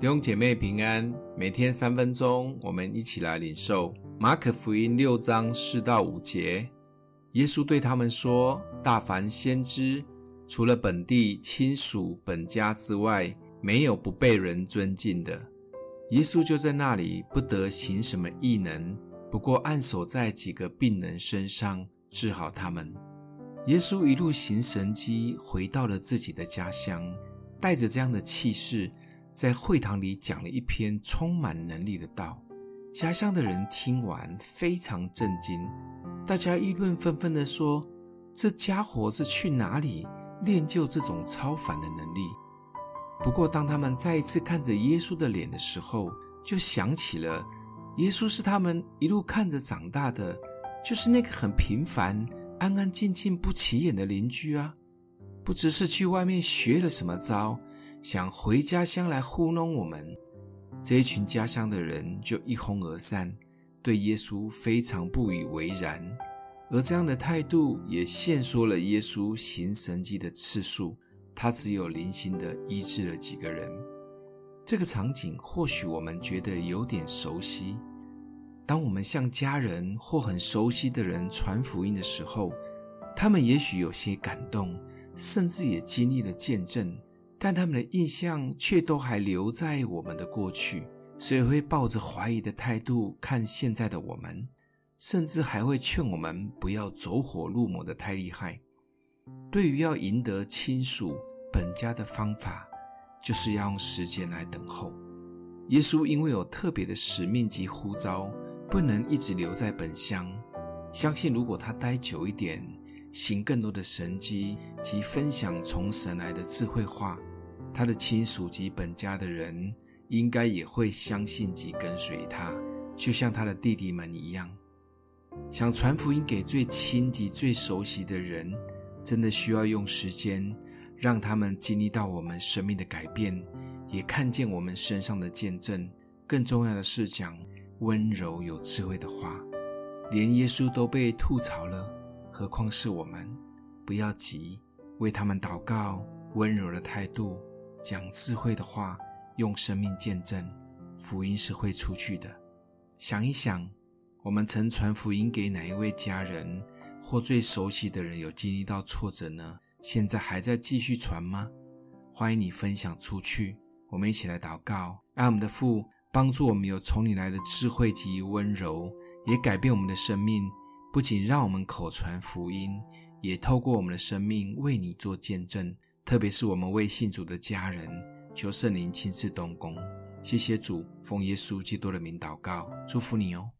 弟兄姐妹平安，每天三分鐘，我們一起來領受馬可福音六章四到五節。耶穌對他們說：“大凡先知，除了本地、親屬、本家之外，沒有不被人尊敬的。”耶穌就在那裡不得行什麼異能，不過按手在幾個病人身上，治好他們。耶穌一路行神蹟，回到了自己的家鄉，帶着這樣的氣勢。在會堂裡講了一篇充滿能力的道，家鄉的人聽完非常震驚，大家議論紛紛地說：“這家伙是去哪裡練就這種超凡的能力？”不過，當他們再一次看着耶穌的臉的時候，就想起了耶穌是他們一路看着長大的，就是那個很平凡、安安靜靜、不起眼的鄰居啊，不知是去外面學了什麼招。想回家鄉來糊弄我們這一群家鄉的人，就一哄而散，對耶穌非常不以為然。而這樣的態度也限縮了耶穌行神蹟的次數，他只有零星的醫治了幾個人。這個場景或許我們覺得有點熟悉。當我們向家人或很熟悉的人傳福音的時候，他們也許有些感動，甚至也經歷了見證。但他們的印象卻都還留在我們的過去，所以會抱着懷疑的態度看現在的我們，甚至還會勸我們不要走火入魔的太厲害。對於要贏得親屬本家的方法，就是要用時間來等候。耶穌因為有特別的使命及呼召，不能一直留在本鄉。相信如果他待久一點，行更多的神蹟及分享從神來的智慧話，他的親屬及本家的人應該也會相信及跟隨他，就像他的弟弟們一樣。想傳福音給最親及最熟悉的人，真的需要用時間讓他們經歷到我們生命的改變，也看見我們身上的見證。更重要的是講溫柔有智慧的話，連耶穌都被吐槽了，何況是我們？不要急，為他們禱告，溫柔的態度。講智慧的話，用生命見證，福音是會出去的。想一想，我們曾傳福音給哪一位家人或最熟悉的人有經歷到挫折呢？現在還在繼續傳嗎？歡迎你分享出去。我們一起來禱告，愛我們的父幫助我們有從你來的智慧及溫柔，也改變我們的生命。不僅讓我們口傳福音，也透過我們的生命為你做見證。特別是我們未信主的家人，求聖靈親自動工，謝謝主，奉耶穌基督的名禱告，祝福你哦。